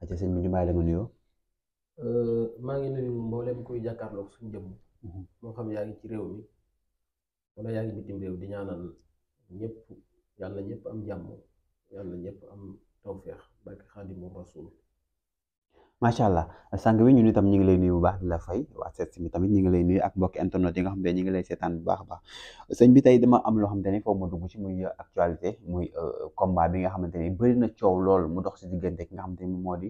acca sëñ bi ñu bàyyi la nga nuyoo euh, maa ngi nuyu mboolem kuy jàkkaarloog suñ jëmm mhm. moo xam yaa ngi ci réew mi wala yaa ngi bitim réew di ñaanal ñëpp yàlla ñëpp am jàmm yàlla ñëpp am tawféex barke Xaadimu Rasuul macha allah sang bi ñun itam ñu ngi lay nuyu bu baax di fay waa seet si tamit ñu ngi lay nuyu ak mbokki internet yi nga xam ne ñu ngi lay seetaan bu baax a baax sëñ bi tey dama am loo xam ne foofu ma dugg ci muy actualité muy euh, combat bi nga xamante ne bëri na coow lool mu dox si diggante ki nga xamante ne moom moo di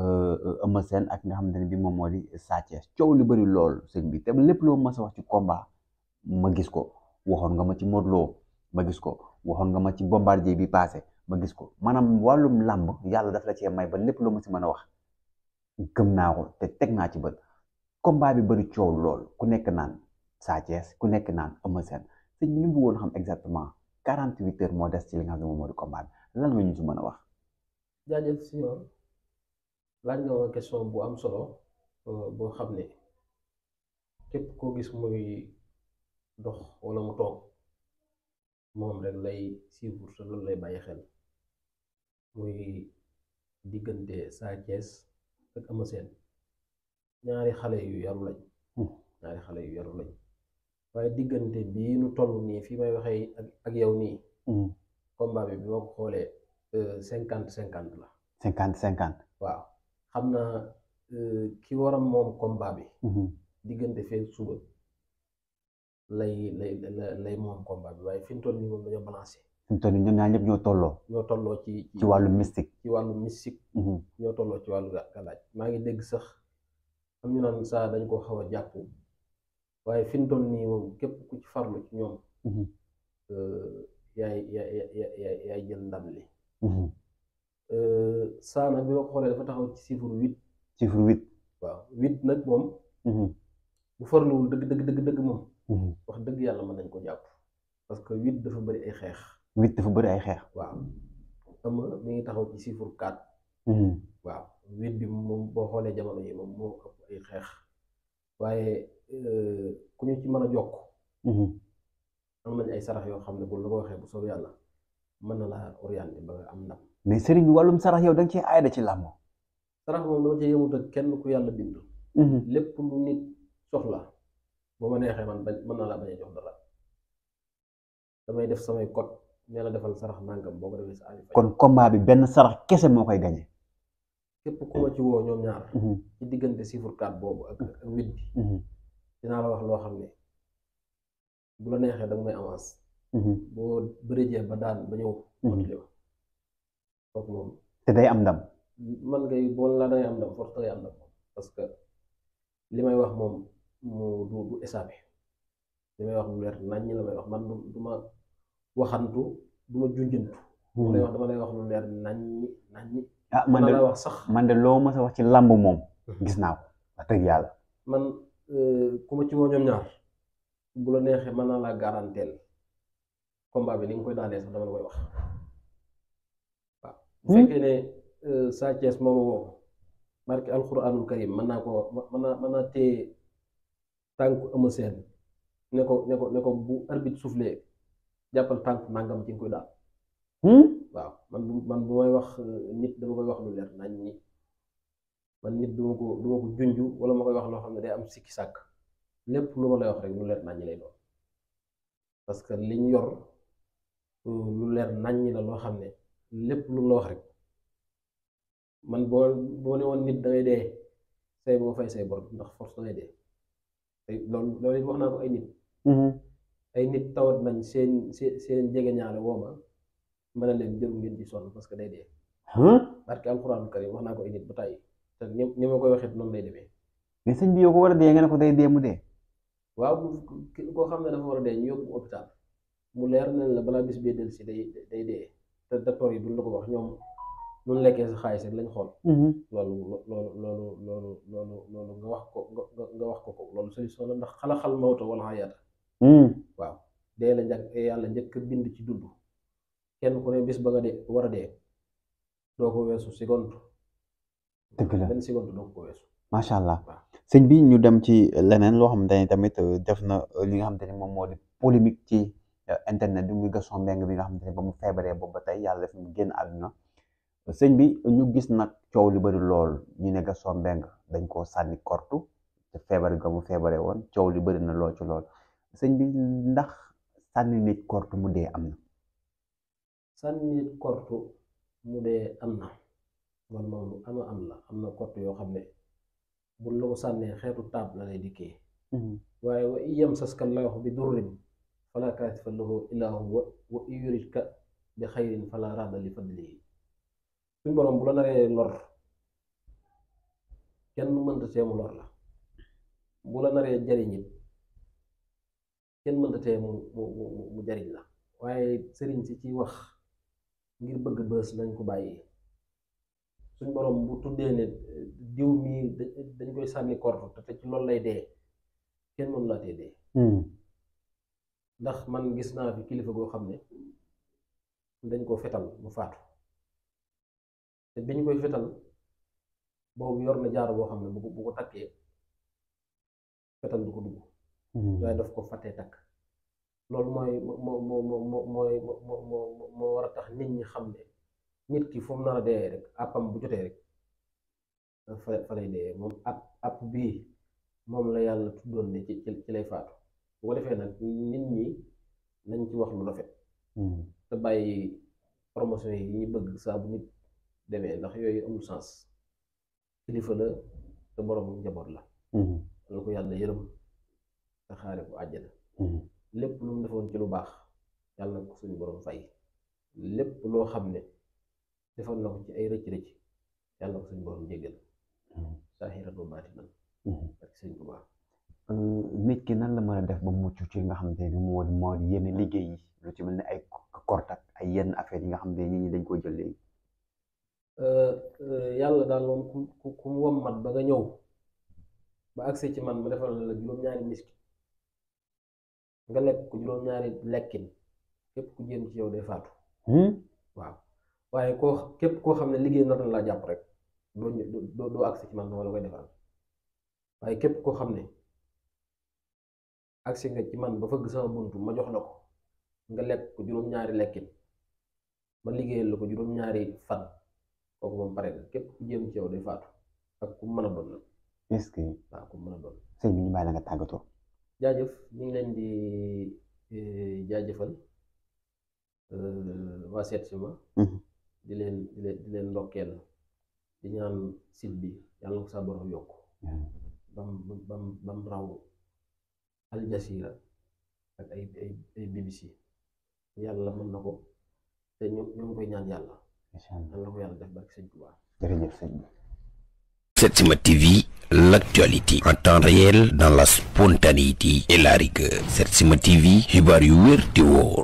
euh, Eumeu Sène ak nga xamante ne bi moom moo di Sa Thiès coow bëri lool sëñ bi te lépp loo mas a wax ci combat ma gis ko waxoon nga ma ci Modou Lo ma gis ko waxoon nga ma ci bombardier bi passé ma gis ko maanaam wàllum làmb yàlla daf cee may ba lépp loo ma si mën a wax gëm naa ko te teg naa ci bët combat bi bari coow lool ku nekk naan Sa ku nekk naan Eumeu Sène te ñu ngi woon xam exactement 48 heures moo des ci li nga xam ne moom moo di combat bi ñu ci mën a wax. jaajëf nga woon bu am solo euh, boo xam ne képp koo gis muy dox wala mu toog moom rek lay suivre te loolu lay bàyyi xel muy diggante Sa ak Eumeu Sène ñaari xale yu yaru lañ hmm. ñaari xale yu yaru lañ waaye diggante bii nu toll nii fii may waxee ak yow nii hmm. combat bi bi ma xoolee euh, cinquante cinquante la cinquante cinquante waaw xam naa euh, ki waram moom combat bi hmm. diggante fee suba lay lay lay moom combat bi waaye fi mu toll nii moom dañoo balancé fi mu toll nii ñoom ñoo tolloo. ñoo tolloo ci ci wàllu mystique. ci wàllu mystique. Mm-hmm. ñoo tolloo ci wàllu gàllaaj maa ngi dégg sax am ñu naan saa dañ koo xaw jàpp waaye fi mu nii moom képp ku ci farlu ci ñoom. Mm-hmm. Euh, yaay yaay yaay jël ndam li. Mm-hmm. Euh, saa nag bi ma xoolee dafa taxaw ci chiffre huit. chiffre huit. waaw huit nag moom. bu farluwul dëgg dëgg dëgg dëgg wax dëgg yàlla mën nañ ko jàpp parce que huit dafa bari ay xeex. huit dafa bëri ay xeex. waaw xam mi ngi taxaw ci chiffre quatre. Hmm. waaw huit bi moom boo xoolee jamono yi moom moo xeex waaye euh, ku ñu ci mën a jokk. Hmm. am nañ ay sarax yoo xam ne bu la ko waxee bu soobee yàlla mën na laa orienté ba am ndam. mais sëriñ bi sarax yow da nga cee ci làmb. sarax moom dama kenn ku yàlla bind. Hmm. lépp lu boo ma neexee man bañ mën naa laa a jox dara damay def samay code. ne la defal sarax nangam boo ko defee sa aaju. kon combat bi benn sarax kese moo koy gagné. képp ku ma ci woo ñoom ñaar. Mm-hmm. ci diggante chiffre 4 boobu ak ak mm-hmm. dinaa la wax loo xam ne bu la neexee da nga may avance. Mm-hmm. boo bëree ba daan ba ñëw. moom. te day am ndam. man ngay bool la day am ndam parce que li may wax moom mu du du échappé li may wax mu leer nañ la may wax man du waxantu du ma junjantu. Hmm. dama lay wax dama lay wax lu leer naññi naññi. ah man de wax sax man de loo mës a wax ci làmb moom. Hmm. gis naa ko wax dëgg yàlla. man euh, ku ma ci woo ñoom la neexee naa laa garanteel bi ni koy daanee sax dama la koy wax. waaw bu hmm? fekkee ne euh, mën naa koo tànk Eumeu Sène ne ko ne ko ne ko bu arbitre soufflé jàppal tànk màngam ci nga koy daal. Hmm? waaw man man bu may wax euh, nit dama koy wax lu leer nañ ñi man nit duma ko duma ko junj wala ma koy wax loo xam ne day am sikki sàkk lépp lu ma lay wax rek lu leer nañ ñi lay parce que liñ yor euh, lu leer nañ ñi la loo xam ne lépp lu la wax rek man boo boo ne woon nit dangay dee say boo fay say bor ndax force dangay dee loolu loolu it wax naa ko ay nit hmm. ay nit tawat nañ seen seen seen jegeñaale woo ma ma ne leen jëru ngeen ci sonn parce que day dee. parce que alxuraan karim wax naa ko ay nit ba tàyyi te ni ma koy waxee noonu lay demee. mais sëñ a dee nga ne ko day dee mu dee. waaw koo xam ne dafa war a dee ñu yóbbu mu leer nañ la balaa bis bee del si day day dee te docteur yi duñ la ko wax ñoom nun lekkee sa xaalis lañ xool. Mm-hmm. loolu loolu loolu loolu loolu loolu nga wax ko nga wax ko ko loolu solution solo ndax xala xal mawta wala xayaata Hmm. waaw dee la njëkk yàlla njëkk bind ci dund kenn ku ne bis ba nga war a dee doo ko weesu seconde. dëgg la benn macha allah sëñ bi ñu dem ci leneen loo xamante ne tamit euh, def na euh, li nga xamante ne moom moo di ci euh, internet bi muy Gaston bi nga xamante ne ba mu feebaree boobu ba tey yàlla def mu génn àdduna sëñ bi ñu gis nag coow li bari lool ñu ne Gaston Mbengue dañ koo sànni kortu te feebar ga mu feebaree woon coow li bari na lool ci lool sëñ bi ndax sànni nit kortu mu dee am na sànni nit mu dee am na man moom am la am na kortu yoo xam ne bu la ko sànnee xeetu taab la lay dikkee mhm. waaye wa iyam saska laahu bi durrin falaa kaashifa lahu illaa huwa wa yuridka bi xayrin falaa raadda li fadlihi suñ borom bu la naree lor kenn mënta seemu lor la bu la naree jariñ kenn mënta tee mu mu mu jariñ la waaye sëriñ si ci wax ngir bëgg bës nañ ko bàyyi suñ borom bu tuddee ne diw mii dañ koy sànni kortu te ci loolu lay dee kenn mënu laa dee hmm. ndax man gis naa fi kilifa goo xam ne dañ koo fetal bu faatu te dañ koy fetal boobu yor na jaaro boo xam ne bu ko bu ko takkee fetal du ko dugg Mmh. waaye daf ko fàttee takk loolu mooy moo moo moo mooy moo moo war a tax nit ñi xam ne nit ki fu mu nar dee rek àppam bu jotee rek fa fa lay dee moom àpp bii moom la yàlla tuddoon ne ci ci lay faatu bu ko defee nag nit ñi nañ ci wax lu rafet mmh. te bàyyi promotion yi ñu bëgg saa nit demee ndax yooyu amul sens kilifa la te boroomu njaboot la mmh. loolu ko yàlla yërëm te xaare ko àjjana hmm. lépp lu mu defoon ci lu baax yàlla na ko suñu borom fay lépp loo xam ne defoon na ci ay rëcc-rëcc yàlla ko suñu borom jéggal saaxiran wa baatinan ak sëñ Tuubaa euh, nit ki nan la mën def ba mucc ci nga xam ne moo moo yenn liggéey yi lu ci mel ne ay kortak ay yenn affaire yi nga xam ne nit ñi dañ koo jël léegi euh, euh, yàlla daal moom ku ku mu wammat ba nga ñëw ba agsi ci man mu defal la juróom-ñaari miski nga lekk ko juróom-ñaari lekkin képp ku jëm ci yow day faatu. Hmm? waaw waaye koo képp koo xam ne liggéey nar na laa jàpp rek doo agsi ci man wala koy defal waaye képp koo xam ne agsi nga ci man ba fëgg sama buntu ma jox la ko nga lekk ko juróom-ñaari lekkin ma liggéeyal la ko juróom-ñaari fan kooku moom pare na képp ku jëm ci yow day faatu ak ku mën a doon la. est que waaw ku mën a doon. sëñ bi ñu bàyyi la nga tàggatoo. jaajëf ñu ngi leen di eh, jaajëfal eh, waa seet si ma mm-hmm. di leen di leen di ndokkeel di ñaan sit bi yàlla na ko sa borom yokk bam bam bam raw Al ak ay ay ay BBC yàlla mën na ko te ñu ñu ngi koy ñaan yàlla. incha allah yàlla def barke sëñ Tuubaa. jërëjëf sëñ bi. Setsima TV. l'actualité en temps réel dans la spontanéité et la TV xibaar yu wér te